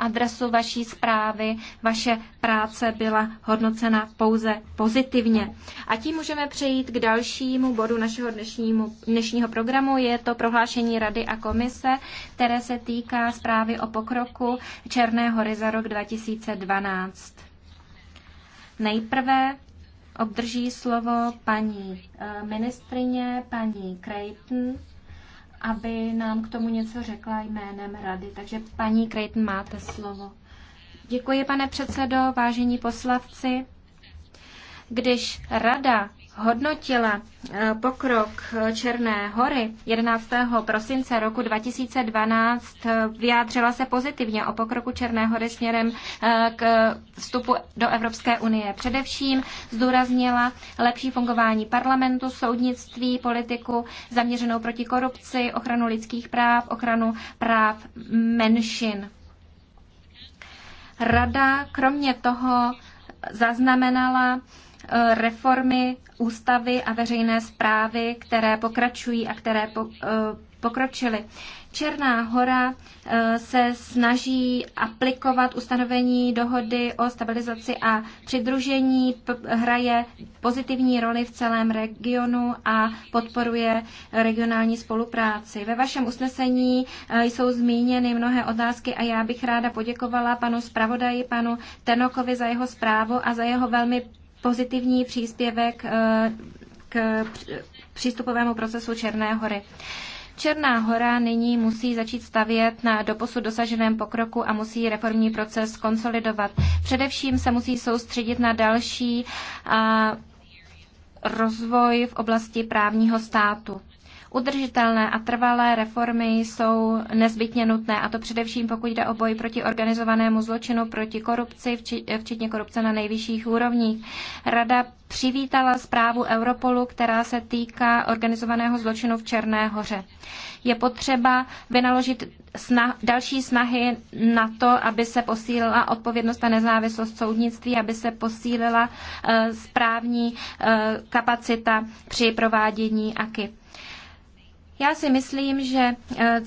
adresu vaší zprávy. Vaše práce byla hodnocena pouze pozitivně. A tím můžeme přejít k dalšímu bodu našeho dnešnímu, dnešního programu. Je to prohlášení Rady a komise, které se týká zprávy o pokroku Černé hory za rok 2012. Nejprve obdrží slovo paní eh, ministrině, paní Creighton aby nám k tomu něco řekla jménem rady. Takže paní Creighton, máte slovo. Děkuji, pane předsedo, vážení poslavci. Když rada hodnotila eh, pokrok eh, Černé hory 11. prosince roku 2012, eh, vyjádřila se pozitivně o pokroku Černé hory směrem k vstupu do Evropské unie. Především zdůraznila lepší fungování parlamentu, soudnictví, politiku zaměřenou proti korupci, ochranu lidských práv, ochranu práv menšin. Rada kromě toho zaznamenala Eh, reformy ústavy a veřejné zprávy, které pokračují a které eh, pokročily. Černá hora eh, se snaží aplikovat ustanovení dohody o stabilizaci a přidružení, hraje pozitivní roli v celém regionu a podporuje regionální spolupráci. Ve vašem usnesení jsou zmíněny mnohé otázky a já bych ráda poděkovala panu zpravodaji, panu Tenokovi za jeho zprávu a za jeho velmi pozitivní příspěvek eh, k přístupovému procesu Černé hory. Černá hora nyní musí začít stavět na doposud dosaženém pokroku a musí reformní proces konsolidovat. Především se musí soustředit na další rozvoj v oblasti právního státu. Udržitelné a trvalé reformy jsou nezbytně nutné, a to především pokud jde o boj proti organizovanému zločinu, proti korupci, včetně korupce na nejvyšších úrovních. Rada přivítala zprávu Europolu, která se týká organizovaného zločinu v Černé hoře. Je potřeba vynaložit snah, další snahy na to, aby se posílila odpovědnost a nezávislost soudnictví, aby se posílila eh, správní eh, kapacita při provádění AKY. Já si myslím, že eh,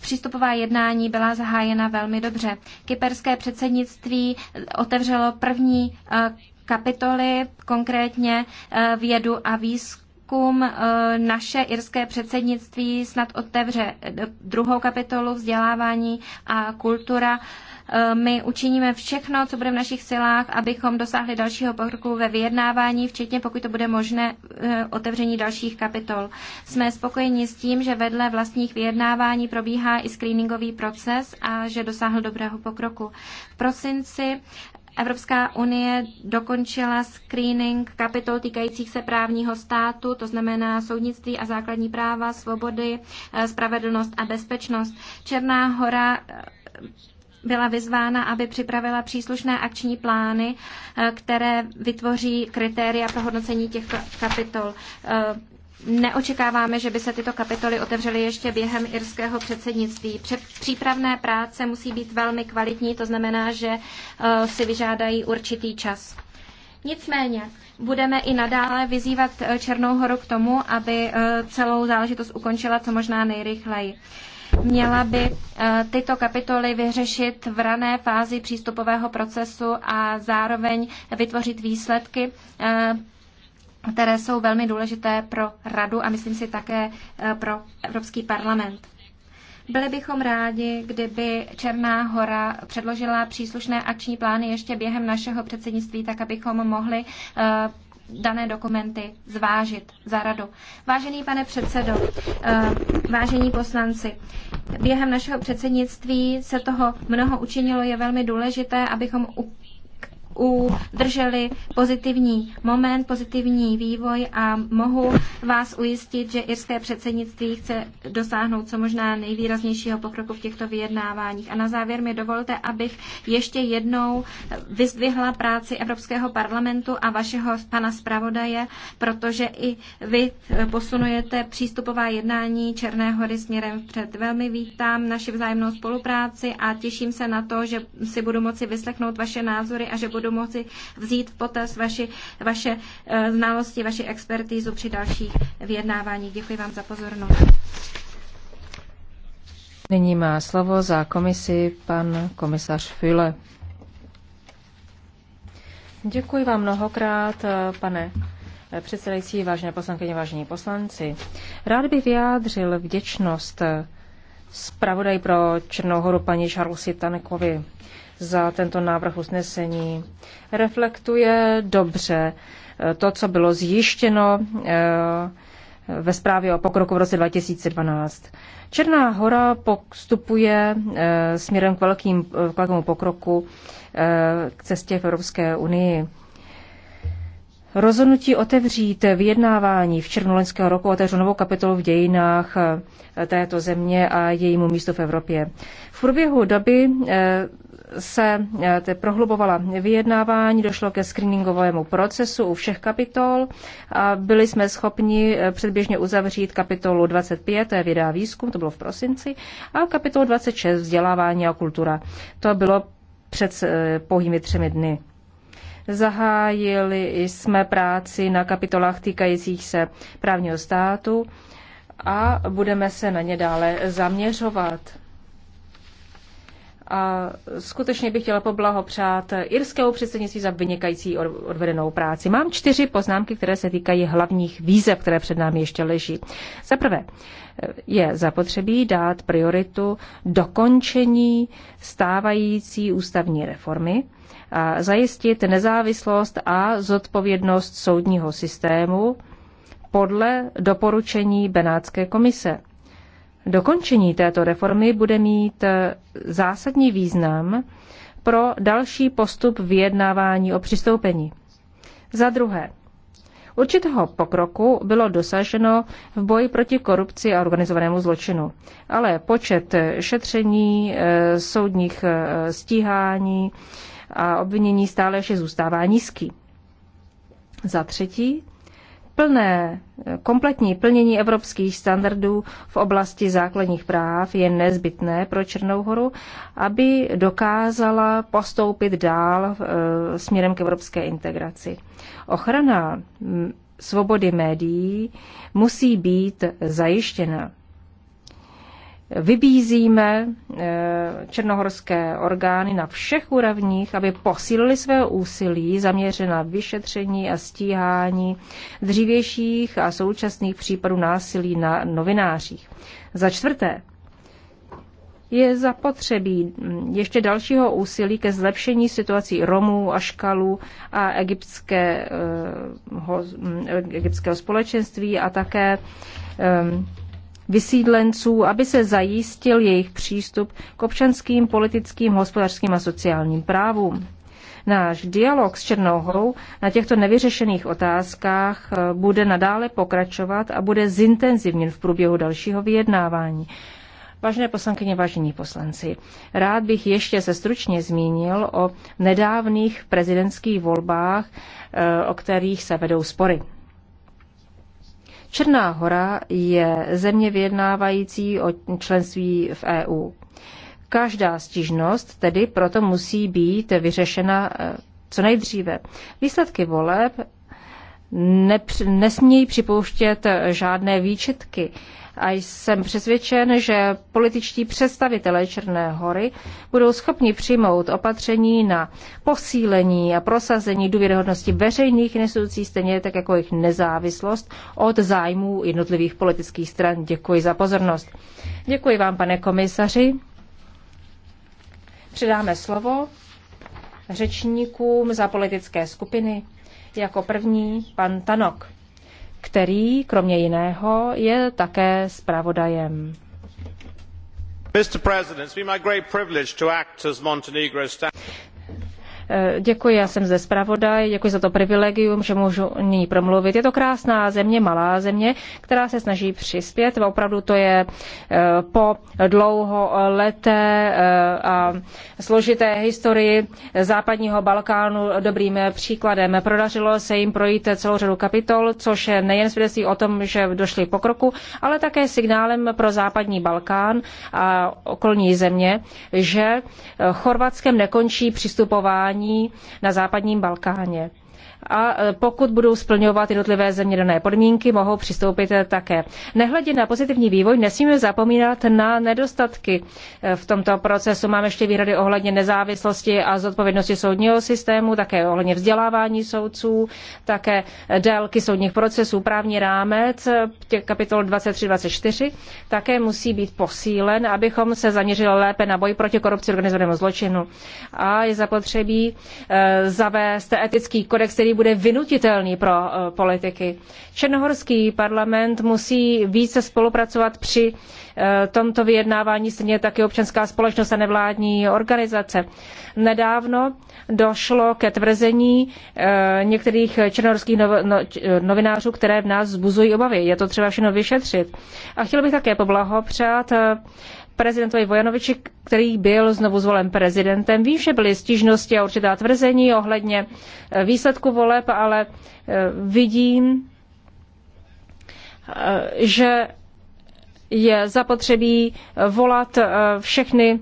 přístupová jednání byla zahájena velmi dobře. Kyperské předsednictví eh, otevřelo první eh, kapitoly, konkrétně vědu a výzkum žákům eh, naše irské předsednictví snad otevře eh, druhou kapitolu vzdělávání a kultura. Eh, my učiníme všechno, co bude v našich silách, abychom dosáhli dalšího pokroku ve vyjednávání, včetně pokud to bude možné otevření dalších kapitol. Jsme spokojeni s tím, že vedle vlastních vyjednávání probíhá i screeningový proces a že dosáhl dobrého pokroku. V prosinci Evropská unie dokončila screening kapitol týkajících se právního státu, to znamená soudnictví a základní práva, svobody, eh, spravedlnost a bezpečnost. Černá hora eh, byla vyzvána, aby připravila příslušné akční plány, eh, které vytvoří kritéria pro hodnocení těchto kapitol. Neočekáváme, že by se tyto kapitoly otevřely ještě během irského předsednictví. Přípravné práce musí být velmi kvalitní, to znamená, že eh, si vyžádají určitý čas. Nicméně budeme i nadále vyzývat eh, Černou horu k tomu, aby eh, celou záležitost ukončila co možná nejrychleji. Měla by tyto kapitoly vyřešit v rané fázi přístupového procesu a zároveň vytvořit výsledky které jsou velmi důležité pro Radu a myslím si také eh, pro Evropský parlament. Byli bychom rádi, kdyby Černá hora předložila příslušné akční plány ještě během našeho předsednictví, tak abychom mohli eh, dané dokumenty zvážit za radu. Vážený pane předsedo, eh, vážení poslanci, během našeho předsednictví se toho mnoho učinilo, je velmi důležité, abychom udrželi pozitivní moment, pozitivní vývoj a mohu vás ujistit, že irské předsednictví chce dosáhnout co možná nejvýraznějšího pokroku v těchto vyjednáváních. A na závěr mi dovolte, abych ještě jednou vyzdvihla práci Evropského parlamentu a vašeho pana zpravodaje, protože i vy posunujete přístupová jednání Černé hory směrem vpřed. Velmi vítám naši vzájemnou spolupráci a těším se na to, že si budu moci vyslechnout vaše názory a že budu budu moci vzít v potaz vaši, vaše eh, znalosti, vaši expertízu při dalších vyjednáváních. Děkuji vám za pozornost. Nyní má slovo za komisi pan komisař Füle. Děkuji vám mnohokrát, eh, pane předsedající, vážené poslankyně, vážení poslanci. Rád bych vyjádřil vděčnost eh, zpravodaj pro Černou horu paní Charlesi Tanekovi za tento návrh usnesení. Reflektuje dobře eh, to, co bylo zjištěno eh, ve zprávě o pokroku v roce 2012. Černá hora postupuje eh, směrem k, velkým, k velkému pokroku k cestě v Evropské unii. Rozhodnutí otevřít vyjednávání v červnu loňského roku otevřu novou kapitolu v dějinách této země a jejímu místu v Evropě. V průběhu doby se eh, prohlubovala vyjednávání, došlo ke screeningovému procesu u všech kapitol a byli jsme schopni eh, předběžně uzavřít kapitolu 25, to je věda výzkum, to bylo v prosinci, a kapitolu 26, vzdělávání a kultura. To bylo před eh, pouhými třemi dny. Zahájili jsme práci na kapitolách týkajících se právního státu a budeme se na ně dále zaměřovat. A skutečně bych chtěla poblahopřát irskému předsednictví za vynikající odvedenou práci. Mám čtyři poznámky, které se týkají hlavních výzev, které před námi ještě leží. Za prvé, je zapotřebí dát prioritu dokončení stávající ústavní reformy, a zajistit nezávislost a zodpovědnost soudního systému podle doporučení Benátské komise Dokončení této reformy bude mít eh, zásadní význam pro další postup vyjednávání o přistoupení. Za druhé, Určitého pokroku bylo dosaženo v boji proti korupci a organizovanému zločinu, ale počet šetření, eh, soudních eh, stíhání a obvinění stále ještě zůstává nízký. Za třetí, plné, kompletní plnění evropských standardů v oblasti základních práv je nezbytné pro Černou horu, aby dokázala postoupit dál eh, směrem k evropské integraci. Ochrana mm, svobody médií musí být zajištěna. Vybízíme eh, černohorské orgány na všech úrovních, aby posílili své úsilí zaměřené na vyšetření a stíhání dřívějších a současných případů násilí na novinářích. Za čtvrté, je zapotřebí mm, ještě dalšího úsilí ke zlepšení situací Romů, Aškalů a egyptské, eh, mm, egyptského společenství a také vysídlenců, aby se zajistil jejich přístup k občanským, politickým, hospodářským a sociálním právům. Náš dialog s horou na těchto nevyřešených otázkách eh, bude nadále pokračovat a bude zintenzivněn v průběhu dalšího vyjednávání. Vážené poslankyně, vážení poslanci, rád bych ještě se stručně zmínil o nedávných prezidentských volbách, eh, o kterých se vedou spory. Černá hora je země vyjednávající o členství v EU. Každá stížnost tedy proto musí být vyřešena eh, co nejdříve. Výsledky voleb nepř- nesmějí připouštět žádné výčitky a jsem přesvědčen, že političtí představitelé Černé hory budou schopni přijmout opatření na posílení a prosazení důvěryhodnosti veřejných institucí, stejně tak jako jejich nezávislost od zájmů jednotlivých politických stran. Děkuji za pozornost. Děkuji vám, pane komisaři. Předáme slovo řečníkům za politické skupiny. Jako první pan Tanok který, kromě jiného, je také zpravodajem. Mr. Eh, děkuji, já jsem zde zpravodaj, děkuji za to privilegium, že můžu nyní promluvit. Je to krásná země, malá země, která se snaží přispět. Opravdu to je eh, po dlouho leté eh, a složité historii západního Balkánu dobrým příkladem. Prodařilo se jim projít celou řadu kapitol, což je nejen svědectví o tom, že došli pokroku, ale také signálem pro západní Balkán a okolní země, že Chorvatskem nekončí přistupování jednání na západním Balkáně a e, pokud budou splňovat jednotlivé země dané podmínky, mohou přistoupit e, také. Nehledě na pozitivní vývoj, nesmíme zapomínat na nedostatky e, v tomto procesu. Máme ještě výhrady ohledně nezávislosti a zodpovědnosti soudního systému, také ohledně vzdělávání soudců, také délky soudních procesů, právní rámec, kapitol 23-24, také musí být posílen, abychom se zaměřili lépe na boj proti korupci organizovanému zločinu. A je zapotřebí zavést etický kodex, který který bude vynutitelný pro eh, politiky. Černohorský parlament musí více spolupracovat při eh, tomto vyjednávání, stejně taky občanská společnost a nevládní organizace. Nedávno došlo ke tvrzení eh, některých černohorských no, novinářů, které v nás vzbuzují obavy. Je to třeba všechno vyšetřit. A chtěl bych také poblahopřát prezidentovi Vojanoviči, který byl znovu zvolen prezidentem. Vím, že byly stížnosti a určitá tvrzení ohledně eh, výsledku voleb, ale eh, vidím, eh, že je zapotřebí volat všechny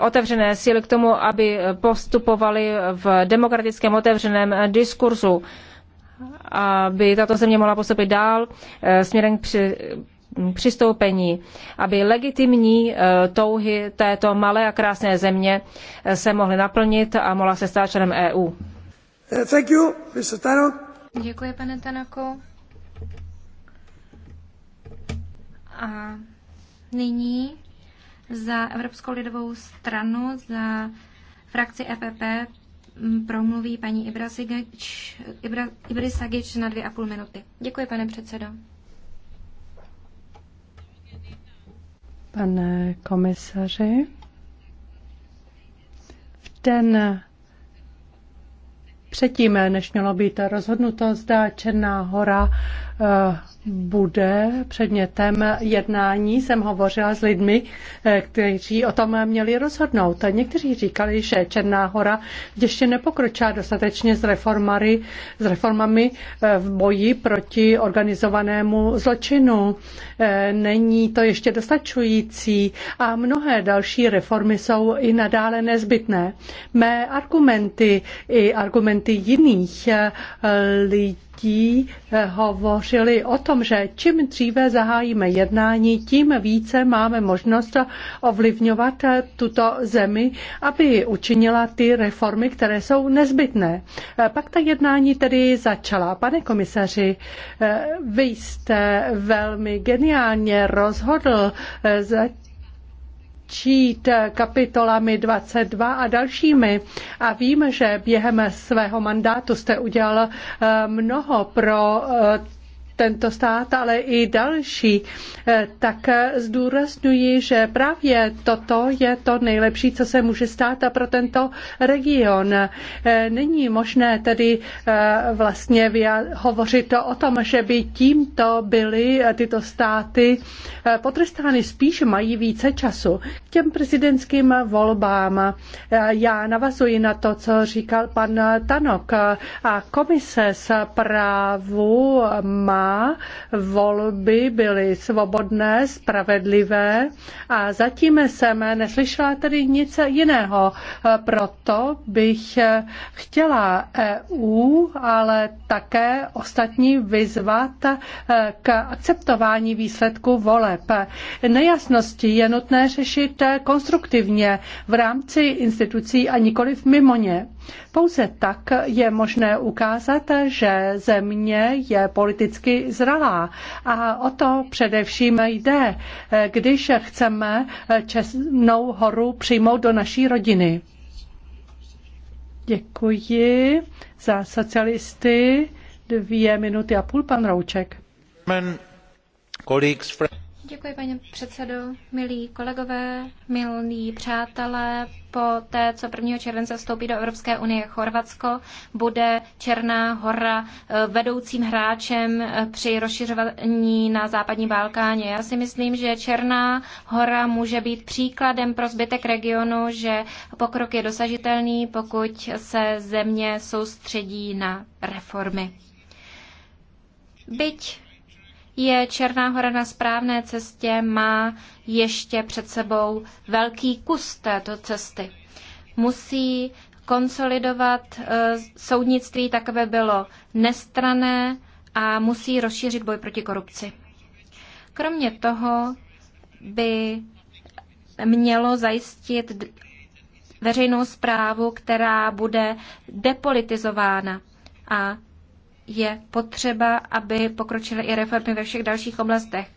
otevřené síly k tomu, aby postupovali v demokratickém otevřeném diskurzu, aby tato země mohla postupit dál směrem k přistoupení, aby legitimní eh, touhy této malé a krásné země eh, se mohly naplnit a mohla se stát členem EU. Eh, thank you, Mr. Tano. Děkuji, pane Tanako. A nyní za Evropskou lidovou stranu, za frakci EPP mm, promluví paní Ibrisagič na dvě a půl minuty. Děkuji, pane předsedo. Pane komisaři, v den předtím, než mělo být rozhodnuto, zda Černá hora Eh, bude předmětem jednání. Jsem hovořila s lidmi, eh, kteří o tom měli rozhodnout. Někteří říkali, že Černá hora ještě nepokročila dostatečně s, reformary, s reformami eh, v boji proti organizovanému zločinu. Není to ještě dostačující a mnohé další reformy jsou i nadále nezbytné. Mé argumenty i argumenty jiných lidí ti eh, hovořili o tom, že čím dříve zahájíme jednání, tím více máme možnost ovlivňovat eh, tuto zemi, aby učinila ty reformy, které jsou nezbytné. Eh, pak ta jednání tedy začala. Pane komisaři, vy jste velmi geniálně rozhodl začít kapitolami 22 a dalšími. A vím, že během svého mandátu jste udělal eh, mnoho pro eh, tento stát, ale i další, eh, tak eh, zdůrazňuji, že právě toto je to nejlepší, co se může stát a pro tento region. Eh, není možné tedy vlastně hovořit o tom, že by tímto byly tyto státy potrestány, spíš mají více času k těm prezidentským volbám. Já navazuji na to, co říkal pan Tanok a komise z právu má Volby byly svobodné, spravedlivé a zatím jsem neslyšela tedy nic jiného. Proto bych chtěla EU, ale také ostatní vyzvat k akceptování výsledku voleb. Nejasnosti je nutné řešit konstruktivně v rámci institucí a v mimo ně. Pouze tak je možné ukázat, že země je politicky zralá. A o to především jde, eh, když chceme eh, Česnou horu přijmout do naší rodiny. Děkuji za socialisty. Dvě minuty a půl, pan Rouček. Men, colleagues, friends. Děkuji, paní předsedo. Milí kolegové, milí přátelé, po té, co 1. července vstoupí do Evropské unie Chorvatsko, bude Černá hora eh, vedoucím hráčem eh, při rozšiřování na západní Balkáně. Já si myslím, že Černá hora může být příkladem pro zbytek regionu, že pokrok je dosažitelný, pokud se země soustředí na reformy. Byť je Černá hora na správné cestě, má ještě před sebou velký kus této cesty. Musí konsolidovat eh, soudnictví tak, aby bylo nestrané a musí rozšířit boj proti korupci. Kromě toho by mělo zajistit veřejnou zprávu, která bude depolitizována a je potřeba, aby pokročily i reformy ve všech dalších oblastech.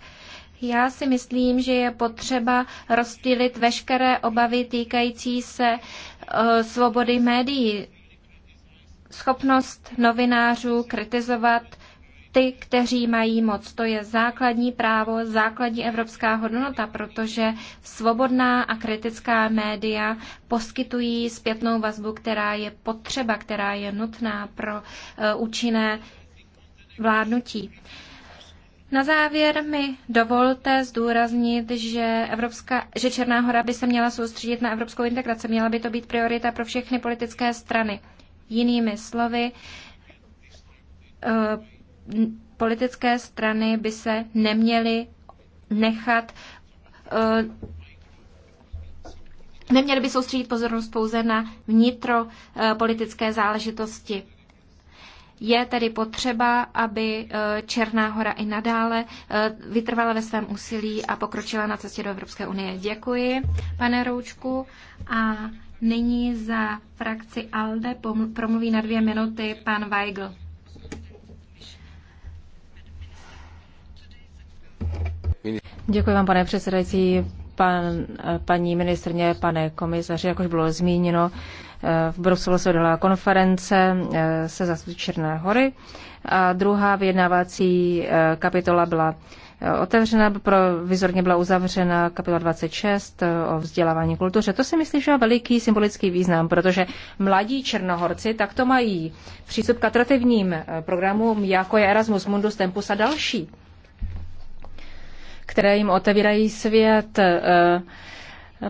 Já si myslím, že je potřeba rozdělit veškeré obavy týkající se e, svobody médií. Schopnost novinářů kritizovat ty, kteří mají moc. To je základní právo, základní evropská hodnota, protože svobodná a kritická média poskytují zpětnou vazbu, která je potřeba, která je nutná pro eh, účinné vládnutí. Na závěr mi dovolte zdůraznit, že, Evropská, že Černá hora by se měla soustředit na evropskou integraci. Měla by to být priorita pro všechny politické strany. Jinými slovy, eh, politické strany by se neměly nechat eh, neměly by soustředit pozornost pouze na vnitropolitické eh, záležitosti. Je tedy potřeba, aby eh, Černá hora i nadále vytrvala ve svém úsilí a pokročila na cestě do Evropské unie. Děkuji, pane Roučku. A nyní za frakci ALDE promluví na dvě minuty pan Weigl. Děkuji vám, pane předsedající, pan, paní ministrně, pane komisaři, jak už bylo zmíněno, eh, v Bruselu se odehrála konference eh, se zastupci Černé hory a druhá vyjednávací eh, kapitola byla otevřena, provizorně byla uzavřena kapitola 26 o vzdělávání kultuře. To si myslím, že má veliký symbolický význam, protože mladí černohorci takto mají přístup k atraktivním programům, jako je Erasmus Mundus Tempus a další které jim otevírají svět. E,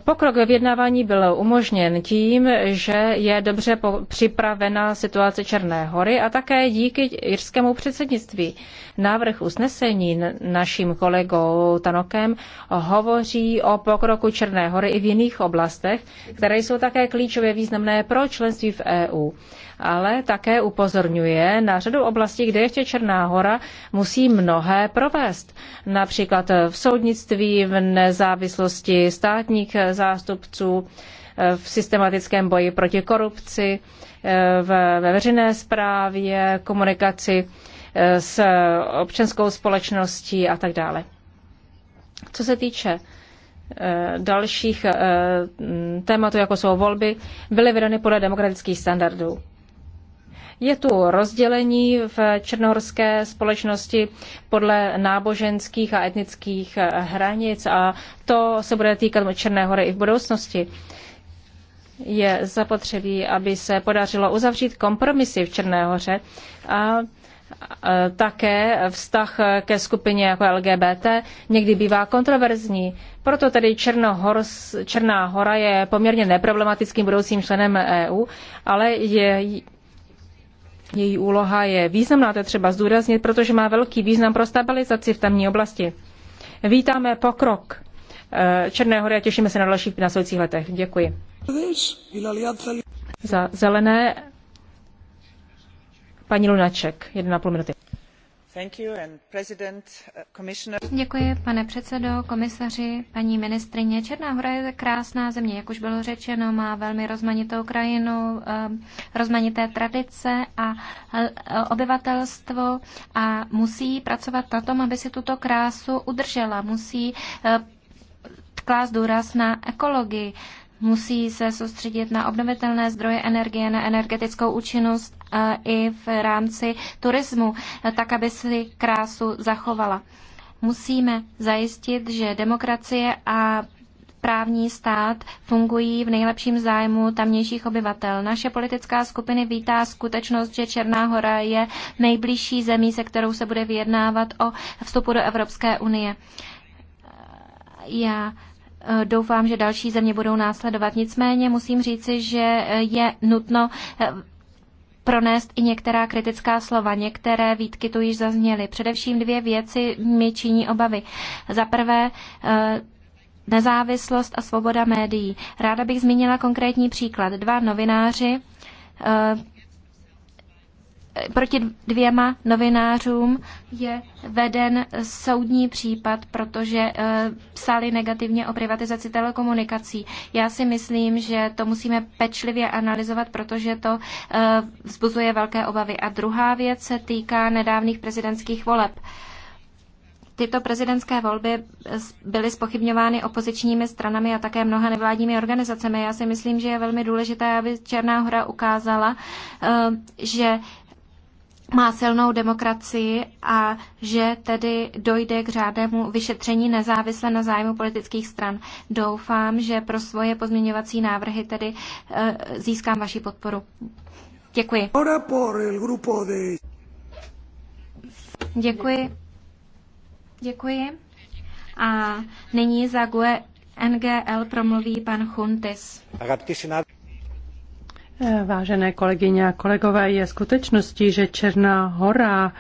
pokrok ve vyjednávání byl umožněn tím, že je dobře připravena situace Černé hory a také díky jirskému předsednictví. Návrh usnesení naším kolegou Tanokem hovoří o pokroku Černé hory i v jiných oblastech, které jsou také klíčově významné pro členství v EU ale také upozorňuje na řadu oblastí, kde ještě Černá hora musí mnohé provést. Například v soudnictví, v nezávislosti státních zástupců, v systematickém boji proti korupci, ve veřejné správě, komunikaci eh, s občanskou společností a tak dále. Co se týče eh, dalších eh, tématů, jako jsou volby, byly vedeny podle demokratických standardů. Je tu rozdělení v černohorské společnosti podle náboženských a etnických hranic a to se bude týkat Černé hory i v budoucnosti. Je zapotřebí, aby se podařilo uzavřít kompromisy v Černé hoře a také vztah ke skupině jako LGBT někdy bývá kontroverzní. Proto tedy Černohors, Černá hora je poměrně neproblematickým budoucím členem EU, ale je, její úloha je významná, to je třeba zdůraznit, protože má velký význam pro stabilizaci v tamní oblasti. Vítáme pokrok eh, Černé hory a těšíme se na dalších následujících letech. Děkuji. Za zelené paní Lunaček, 1,5 minuty. Uh, Děkuji, pane předsedo, komisaři, paní ministrině. Černá hora je krásná země, jak už bylo řečeno, má velmi rozmanitou krajinu, um, rozmanité tradice a obyvatelstvo a musí pracovat na tom, aby si tuto krásu udržela. Musí uh, klást důraz na ekologii musí se soustředit na obnovitelné zdroje energie, na energetickou účinnost i v rámci turismu, tak aby si krásu zachovala. Musíme zajistit, že demokracie a právní stát fungují v nejlepším zájmu tamnějších obyvatel. Naše politická skupiny vítá skutečnost, že Černá hora je nejbližší zemí, se kterou se bude vyjednávat o vstupu do Evropské unie. Já Eh, doufám, že další země budou následovat. Nicméně musím říci, že eh, je nutno eh, pronést i některá kritická slova. Některé výtky tu již zazněly. Především dvě věci mi činí obavy. Za prvé, nezávislost a svoboda médií. Ráda bych zmínila konkrétní příklad. Dva novináři proti dvěma novinářům je veden soudní případ, protože eh, psali negativně o privatizaci telekomunikací. Já si myslím, že to musíme pečlivě analyzovat, protože to eh, vzbuzuje velké obavy. A druhá věc se týká nedávných prezidentských voleb. Tyto prezidentské volby eh, byly spochybňovány opozičními stranami a také mnoha nevládními organizacemi. Já si myslím, že je velmi důležité, aby Černá hora ukázala, že má silnou demokracii a že tedy dojde k řádnému vyšetření nezávisle na zájmu politických stran. Doufám, že pro svoje pozměňovací návrhy tedy eh, získám vaši podporu. Děkuji. Děkuji. Děkuji. A nyní za GUE NGL promluví pan Chuntis. Vážené kolegyně a kolegové, je skutečností, že Černá hora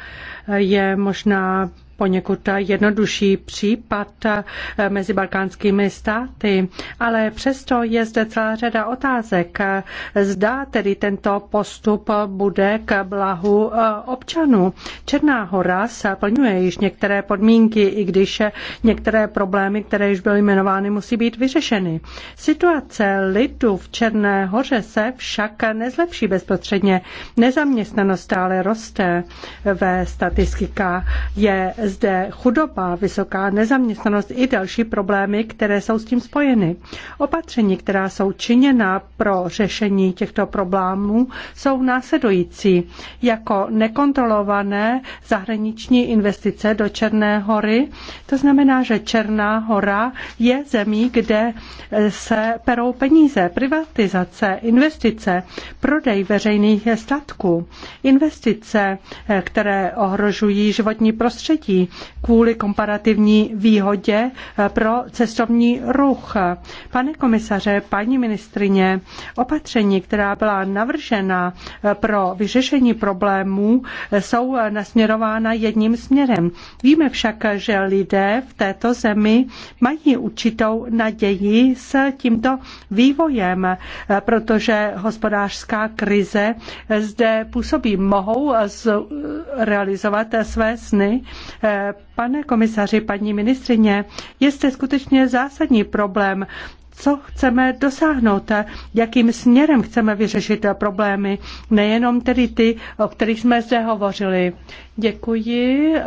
je možná poněkud jednodušší případ eh, mezi balkánskými státy, ale přesto je zde celá řada otázek. Eh, zda tedy tento postup bude k blahu eh, občanů. Černá hora splňuje již některé podmínky, i když některé problémy, které již byly jmenovány, musí být vyřešeny. Situace lidu v Černé hoře se však nezlepší bezprostředně. Nezaměstnanost stále roste. Ve statistika. je zde chudoba, vysoká nezaměstnanost i další problémy, které jsou s tím spojeny. Opatření, která jsou činěna pro řešení těchto problémů, jsou následující. Jako nekontrolované zahraniční investice do Černé hory, to znamená, že Černá hora je zemí, kde se perou peníze, privatizace, investice, prodej veřejných statků, investice, které ohrožují životní prostředí, třetí kvůli komparativní výhodě eh, pro cestovní ruch. Pane komisaře, paní ministrině, opatření, která byla navržena eh, pro vyřešení problémů, eh, jsou nasměrována jedním směrem. Víme však, že lidé v této zemi mají určitou naději s tímto vývojem, protože hospodářská krize zde působí. Mohou realizovat své sny, Eh, pane komisaři, paní ministrině, je zde skutečně zásadní problém co chceme dosáhnout, jakým směrem chceme vyřešit problémy, nejenom tedy ty, o kterých jsme zde hovořili. Děkuji eh,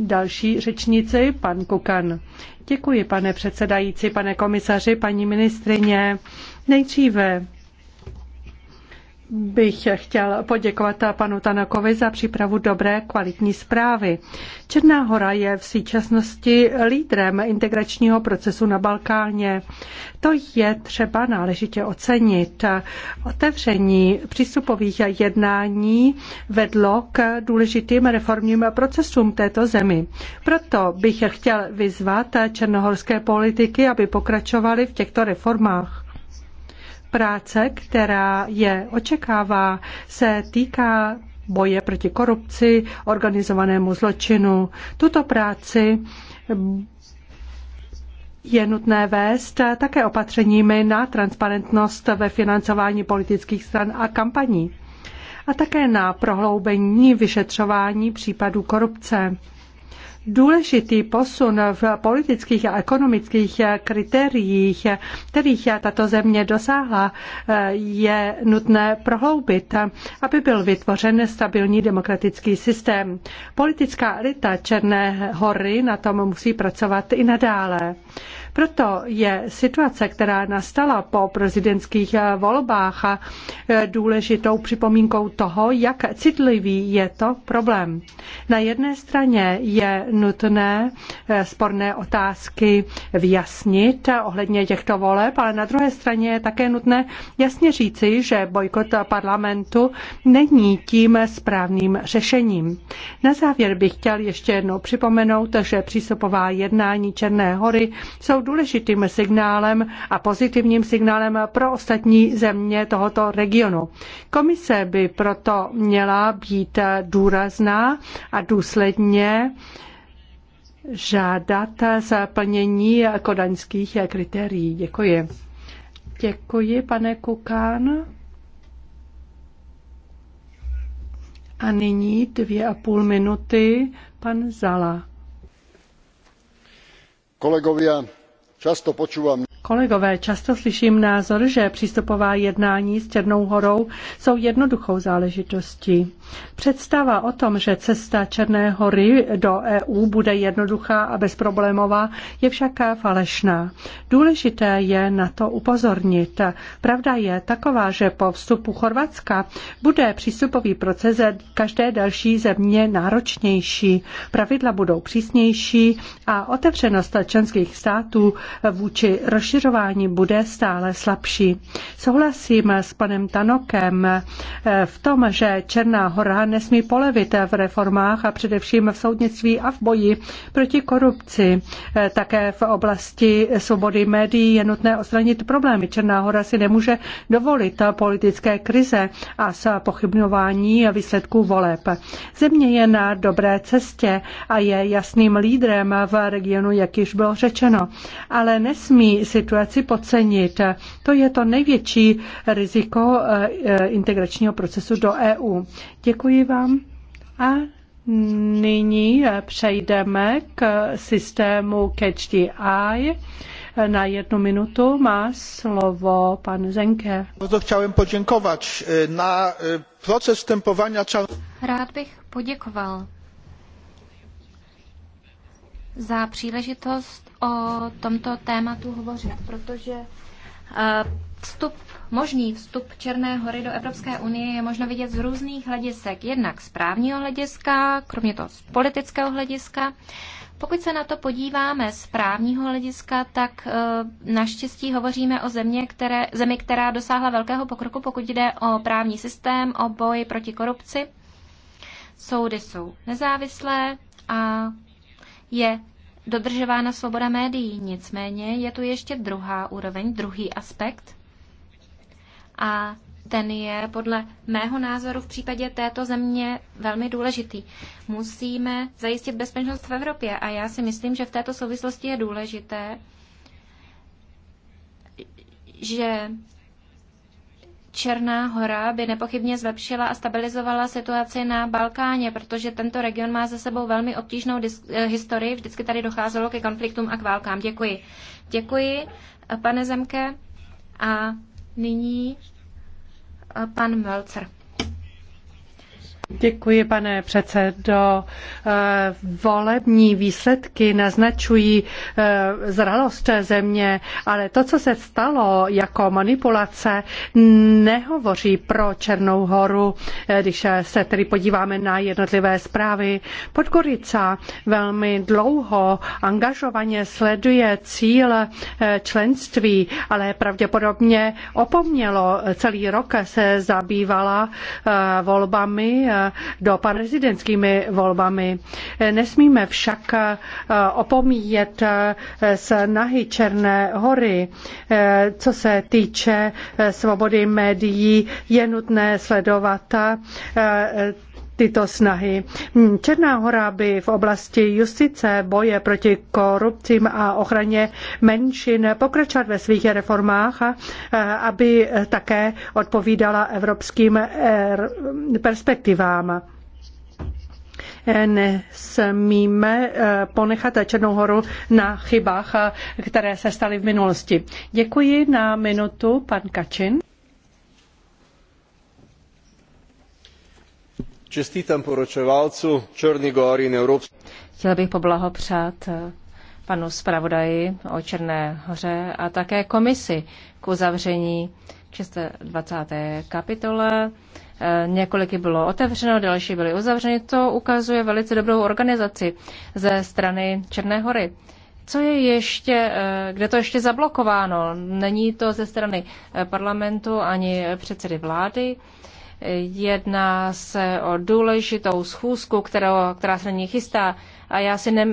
další řečnici, pan Kukan. Děkuji, pane předsedající, pane komisaři, paní ministrině. Nejdříve bych chtěl poděkovat panu Tanakovi za přípravu dobré kvalitní zprávy. Černá hora je v současnosti lídrem integračního procesu na Balkáně. To je třeba náležitě ocenit. Otevření přístupových jednání vedlo k důležitým reformním procesům této zemi. Proto bych chtěl vyzvat černohorské politiky, aby pokračovali v těchto reformách práce, která je očekává, se týká boje proti korupci, organizovanému zločinu. Tuto práci je nutné vést také opatřeními na transparentnost ve financování politických stran a kampaní a také na prohloubení vyšetřování případů korupce důležitý posun v politických a ekonomických kritériích, kterých tato země dosáhla, je nutné prohloubit, aby byl vytvořen stabilní demokratický systém. Politická elita Černé hory na tom musí pracovat i nadále. Proto je situace, která nastala po prezidentských eh, volbách, eh, důležitou připomínkou toho, jak citlivý je to problém. Na jedné straně je nutné eh, sporné otázky vyjasnit ohledně těchto voleb, ale na druhé straně je také nutné jasně říci, že bojkot parlamentu není tím správným řešením. Na závěr bych chtěl ještě jednou připomenout, že přístupová jednání Černé hory jsou důležitým signálem a pozitivním signálem pro ostatní země tohoto regionu. Komise by proto měla být důrazná a důsledně žádat splnění kodaňských kritérií. Děkuji. Děkuji, pane Kukán. A nyní dvě a půl minuty pan Zala. Kolegovia, často počúvam Kolegové, často slyším názor, že přístupová jednání s Černou horou jsou jednoduchou záležitostí. Představa o tom, že cesta Černé hory do EU bude jednoduchá a bezproblémová, je však falešná. Důležité je na to upozornit. Pravda je taková, že po vstupu Chorvatska bude přístupový proces každé další země náročnější. Pravidla budou přísnější a otevřenost členských států vůči rozšíření rozšiřování bude stále slabší. Souhlasím s panem Tanokem eh, v tom, že Černá hora nesmí polevit v reformách a především v soudnictví a v boji proti korupci. Eh, také v oblasti svobody médií je nutné odstranit problémy. Černá hora si nemůže dovolit politické krize a pochybnování výsledků voleb. Země je na dobré cestě a je jasným lídrem v regionu, jak již bylo řečeno. Ale nesmí si situaci podcenit. To je to největší riziko eh, eh, integračního procesu do EU. Děkuji vám a nyní eh, přejdeme k systému Catch the Eye. Na jednu minutu má slovo pan Zenke. Bardzo chciałem poděkovat na proces tempowania... Rád bych poděkoval za příležitost o tomto tématu hovořit, protože eh, vstup, možný vstup Černé hory do Evropské unie je možno vidět z různých hledisek, jednak z právního hlediska, kromě toho z politického hlediska. Pokud se na to podíváme z právního hlediska, tak eh, naštěstí hovoříme o země, které, zemi, která dosáhla velkého pokroku, pokud jde o právní systém, o boj proti korupci. Soudy jsou nezávislé a je dodržována svoboda médií. Nicméně je tu ještě druhá úroveň, druhý aspekt. A ten je podle mého názoru v případě této země velmi důležitý. Musíme zajistit bezpečnost v Evropě a já si myslím, že v této souvislosti je důležité, že Černá hora by nepochybně zlepšila a stabilizovala situaci na Balkáně, protože tento region má za sebou velmi obtížnou eh, historii. Vždycky tady docházelo ke konfliktům a k válkám. Děkuji. Děkuji, eh, pane Zemke. A nyní eh, pan Mölcer. Děkuji, pane předsedo. Eh, volební výsledky naznačují eh, zralost země, ale to, co se stalo jako manipulace, nehovoří pro Černou horu, eh, když se tedy podíváme na jednotlivé zprávy. Podgorica velmi dlouho angažovaně sleduje cíl členství, ale pravděpodobně opomnělo. Celý rok se zabývala volbami do prezidentskými volbami. Nesmíme však eh, opomíjet snahy eh, Černé hory. Eh, co se týče svobody médií, je nutné sledovat tyto snahy. Černá hora by v oblasti justice, boje proti korupcím a ochraně menšin pokračovat ve svých reformách, aby také odpovídala evropským e, perspektivám nesmíme e, ponechat Černou horu na chybách, které se staly v minulosti. Děkuji na minutu, pan Kačin. Čestitam poročevalcu Črni Gori in Evropské. Chtěl bych poblahopřát eh, panu zpravodaji o Černé hoře a také komisi k uzavření 620. kapitole. Eh, Několiky bylo otevřeno, další byly uzavřeny. To ukazuje velice dobrou organizaci ze strany Černé hory. Co je ještě, eh, kde to ještě zablokováno? Není to ze strany parlamentu ani předsedy vlády. Jedná se o důležitou schůzku, kterou, která se na ní chystá. A já, si ne,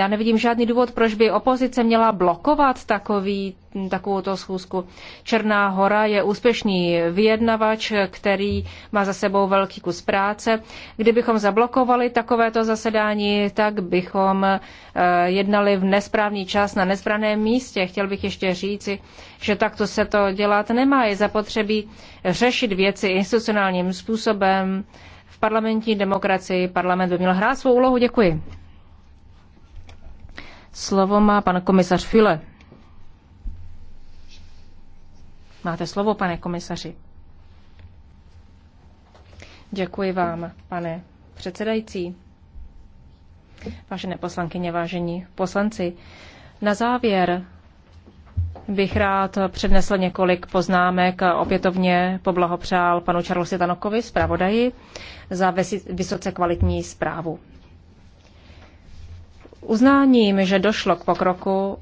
já nevidím žádný důvod, proč by opozice měla blokovat takový, takovouto schůzku. Černá hora je úspěšný vyjednavač, který má za sebou velký kus práce. Kdybychom zablokovali takovéto zasedání, tak bychom eh, jednali v nesprávný čas na nesprávném místě. Chtěl bych ještě říci, že takto se to dělat nemá. Je zapotřebí řešit věci institucionálním způsobem v parlamentní demokracii parlament by měl hrát svou úlohu. Děkuji. Slovo má pan komisař File. Máte slovo, pane komisaři. Děkuji vám, pane předsedající. Vážené poslankyně, vážení poslanci, na závěr bych rád přednesl několik poznámek a opětovně poblahopřál panu Charlesi Tanokovi, zpravodaji, za vysoce kvalitní zprávu. Uznáním, že došlo k pokroku,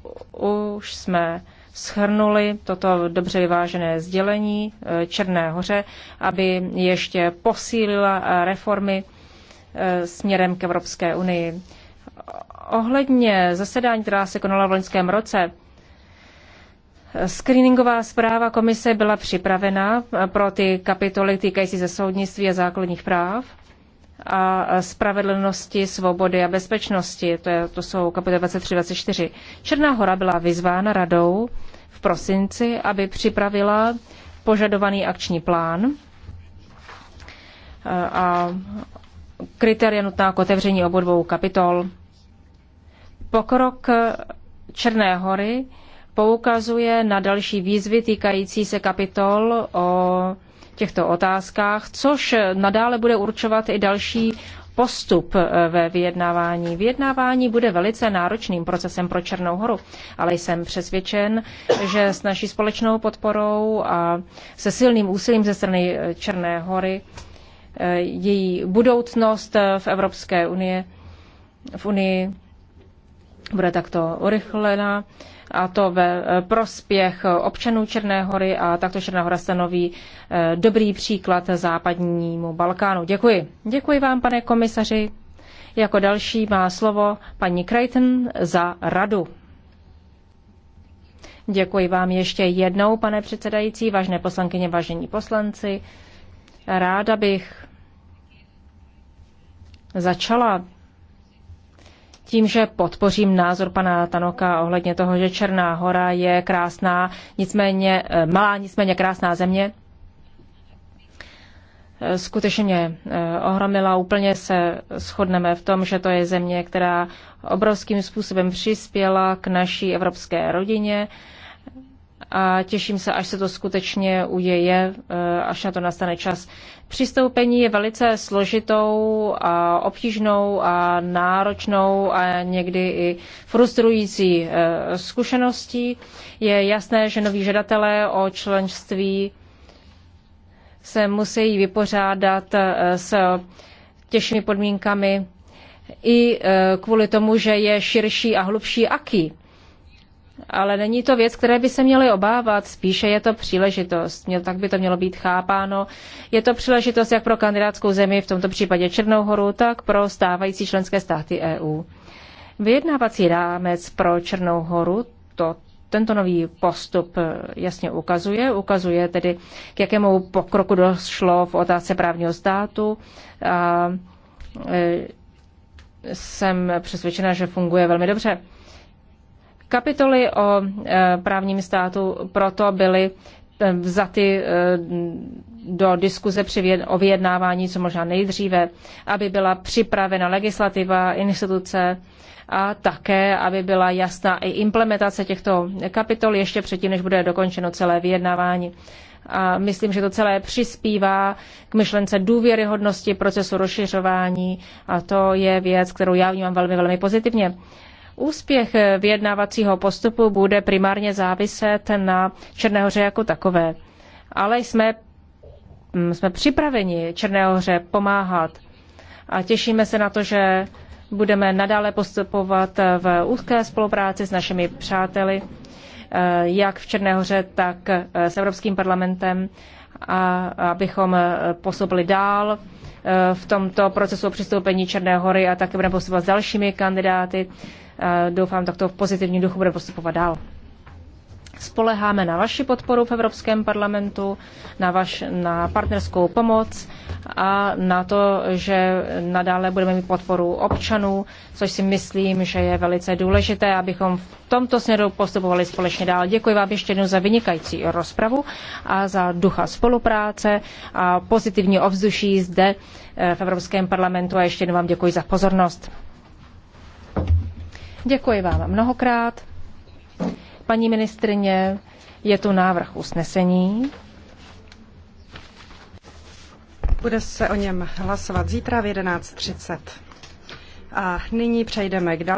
už jsme schrnuli toto dobře vyvážené sdělení eh, Černé hoře, aby ještě posílila eh, reformy eh, směrem k Evropské unii. Ohledně zasedání, která se konala v loňském roce, Screeningová zpráva komise byla připravena pro ty kapitoly týkající se soudnictví a základních práv a spravedlnosti, svobody a bezpečnosti. To, je, to jsou kapitoly 23-24. Černá hora byla vyzvána radou v prosinci, aby připravila požadovaný akční plán eh, a kritéria nutná k otevření obou dvou kapitol. Pokrok Černé hory poukazuje na další výzvy týkající se kapitol o těchto otázkách, což nadále bude určovat i další postup eh, ve vyjednávání. Vyjednávání bude velice náročným procesem pro Černou horu, ale jsem přesvědčen, že s naší společnou podporou a se silným úsilím ze strany eh, Černé hory eh, její budoucnost v Evropské unii, v Unii bude takto urychlena a to ve eh, prospěch občanů Černé hory a takto Černá hora stanoví eh, dobrý příklad západnímu Balkánu. Děkuji. Děkuji vám, pane komisaři. Jako další má slovo paní Creighton za radu. Děkuji vám ještě jednou, pane předsedající, vážné poslankyně, vážení poslanci. Ráda bych začala tím, že podpořím názor pana Tanoka ohledně toho, že Černá hora je krásná, nicméně eh, malá, nicméně krásná země. Eh, skutečně mě eh, ohromila, úplně se shodneme v tom, že to je země, která obrovským způsobem přispěla k naší evropské rodině, a těším se, až se to skutečně uděje, e, až na to nastane čas. Přistoupení je velice složitou a obtížnou a náročnou a někdy i frustrující e, zkušeností. Je jasné, že noví žadatelé o členství se musí vypořádat e, s těžšími podmínkami i kvůli tomu, že je širší a hlubší aký ale není to věc, které by se měly obávat, spíše je to příležitost, Měl, tak by to mělo být chápáno. Je to příležitost jak pro kandidátskou zemi, v tomto případě Černou horu, tak pro stávající členské státy EU. Vyjednávací rámec pro Černou horu to tento nový postup eh, jasně ukazuje. Ukazuje tedy, k jakému pokroku došlo v otázce právního státu. A, e, jsem přesvědčena, že funguje velmi dobře. Kapitoly o e, právním státu proto byly vzaty e, e, do diskuze při o vyjednávání co možná nejdříve, aby byla připravena legislativa, instituce a také, aby byla jasná i implementace těchto kapitol ještě předtím, než bude dokončeno celé vyjednávání. A myslím, že to celé přispívá k myšlence důvěryhodnosti procesu rozšiřování a to je věc, kterou já vnímám velmi, velmi pozitivně. Úspěch vyjednávacího postupu bude primárně záviset na Černéhoře jako takové. Ale jsme, mm, jsme připraveni Černéhoře pomáhat a těšíme se na to, že budeme nadále postupovat v úzké spolupráci s našimi přáteli, eh, jak v Černéhoře, tak eh, s Evropským parlamentem, a abychom eh, posobili dál v tomto procesu přistoupení Černé hory a také budeme postupovat s dalšími kandidáty. Eh, doufám, to v pozitivním duchu bude postupovat dál. Spoleháme na vaši podporu v Evropském parlamentu, na, vaš, na partnerskou pomoc a na to, že nadále budeme mít podporu občanů, což si myslím, že je velice důležité, abychom v tomto směru postupovali společně dál. Děkuji vám ještě jednou za vynikající rozpravu a za ducha spolupráce a pozitivní ovzduší zde eh, v Evropském parlamentu a ještě jednou vám děkuji za pozornost. Děkuji vám mnohokrát. Paní ministrině, je tu návrh usnesení. Bude se o něm hlasovat zítra v 11.30. A nyní přejdeme k dalšímu.